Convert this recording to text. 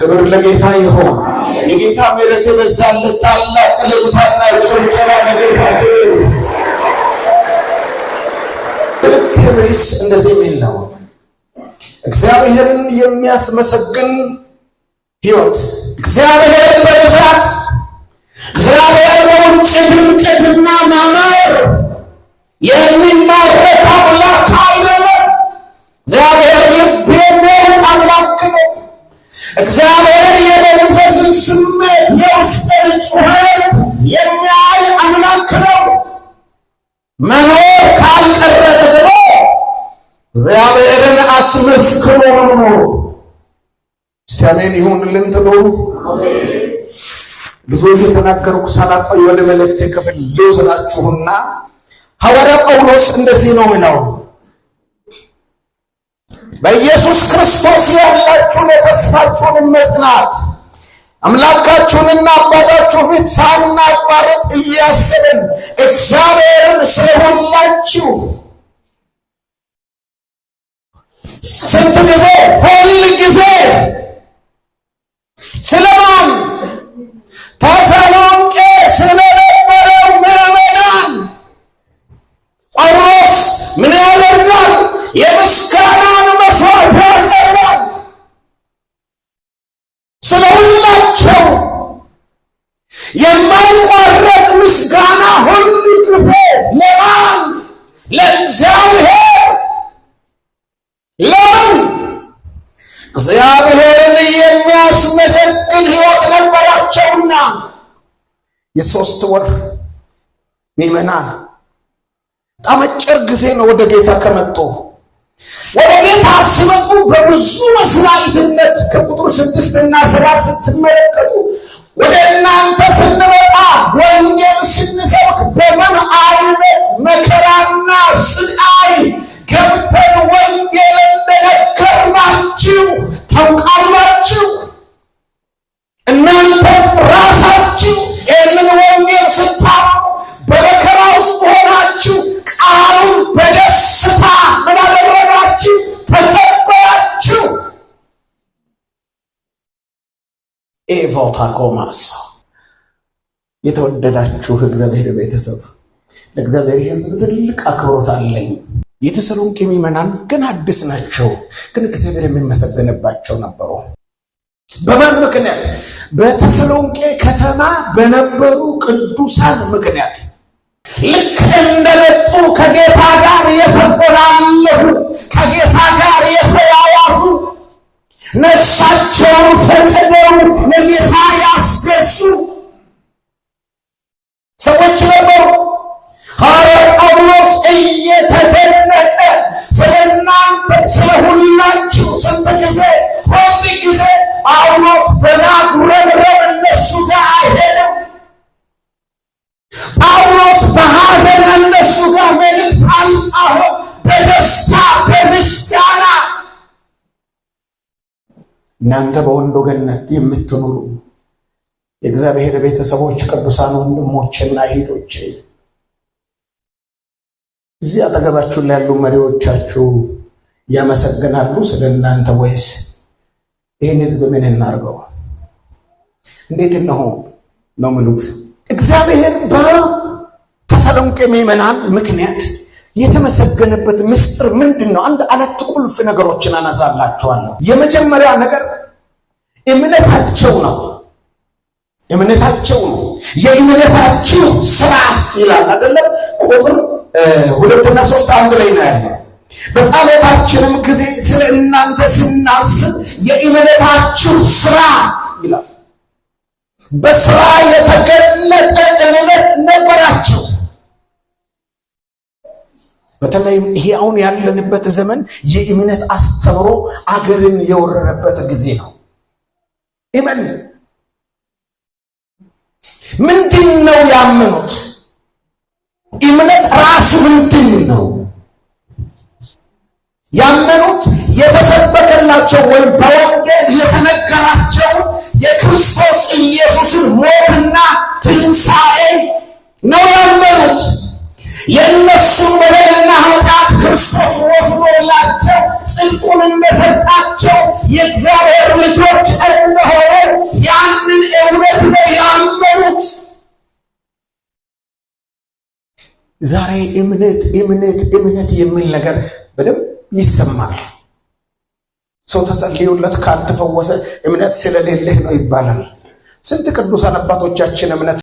ክብር ለጌታ ይሁን። የጌታ ምሕረት የበዛለት ታላቅ ልልታና ጭብጨባ ለጌታ ርዕስ እንደዚህ የሚል ነው። እግዚአብሔርን የሚያስመሰግን ህይወት እግዚአብሔርን በብዛት እግዚአብሔርን የመንፈስን ስሜት የውስጥን ጩኸት የሚያይ አምላክ ነው። መኖር ካልቀረ ደግሞ እግዚአብሔርን አስመስክሩ ይሁንልን ትሉ ብዙ ሳላቆይ ወደ መልእክት ክፍል ልውሰዳችሁና ሐዋርያ ጳውሎስ እንደዚህ ነው ይለው በኢየሱስ ክርስቶስ ያላችሁን የተስፋችሁን መጽናት አምላካችሁንና አባታችሁ ፊት ሳናቋርጥ እያስብን እግዚአብሔርን ስለሁላችሁ ስንት ጊዜ የሶስት ወር ይመናል። በጣም አጭር ጊዜ ነው ወደ ጌታ ከመጡ ወደ ጌታ ሲመጡ በብዙ መስዋዕትነት ከቁጥር ስድስት እና ሰባት ስትመለከቱ ኤቮታ ኮማስ የተወደዳችሁ እግዚአብሔር ቤተሰብ ለእግዚአብሔር ሕዝብ ትልቅ አክብሮት አለኝ። የተሰሎንቄ ምዕመናን ግን አዲስ ናቸው፣ ግን እግዚአብሔር የሚመሰገንባቸው ነበሩ። በማን ምክንያት? በተሰሎንቄ ከተማ በነበሩ ቅዱሳን ምክንያት ልክ እንደመጡ ከጌታ ጋር የተቆላለፉ ከጌታ ጋር ነፍሳቸውን ፈቅደው ለጌታ ያስገዙ እናንተ በወንዶ ገነት የምትኖሩ የእግዚአብሔር ቤተሰቦች ቅዱሳን ወንድሞችና እህቶች እዚህ አጠገባችሁ ላይ ያሉ መሪዎቻችሁ ያመሰግናሉ ስለ እናንተ ወይስ ይህን ህዝብ ምን እናርገው እንዴት እነሆ ነው ምሉት እግዚአብሔር በተሰሎንቄ ምዕመናን ምክንያት የተመሰገነበት ምስጢር ምንድን ነው? አንድ አለት ቁልፍ ነገሮችን አነሳላችኋለሁ። የመጀመሪያ ነገር እምነታቸው ነው። እምነታቸው ነው። የእምነታችሁ ስራ ይላል አይደለም? ቁጥር ሁለትና ሶስት አንድ ላይ ነው ያለው። በጸሎታችንም ጊዜ ስለ እናንተ ስናስብ የእምነታችሁ ስራ ይላል። በስራ የተገለ በተለይ ይሄ አሁን ያለንበት ዘመን የእምነት አስተምሮ አገርን የወረረበት ጊዜ ነው። ኢመን ምንድን ነው ያመኑት? እምነት ራሱ ምንድን ነው ያመኑት? የተሰበከላቸው ወይም በወንጌል የተነገራቸው የክርስቶስ ኢየሱስን ሞትና ትንሣኤ ነው ያመኑት የእነሱም ክርስቶስ ወስኖላቸው ጽድቁን እንደሰጣቸው የእግዚአብሔር ልጆች እንደሆኑ ያንን እውነት ነው ያመኑት። ዛሬ እምነት እምነት እምነት የሚል ነገር በደንብ ይሰማል። ሰው ተጸልዩለት ካልተፈወሰ እምነት ስለሌለህ ነው ይባላል። ስንት ቅዱሳን አባቶቻችን እምነት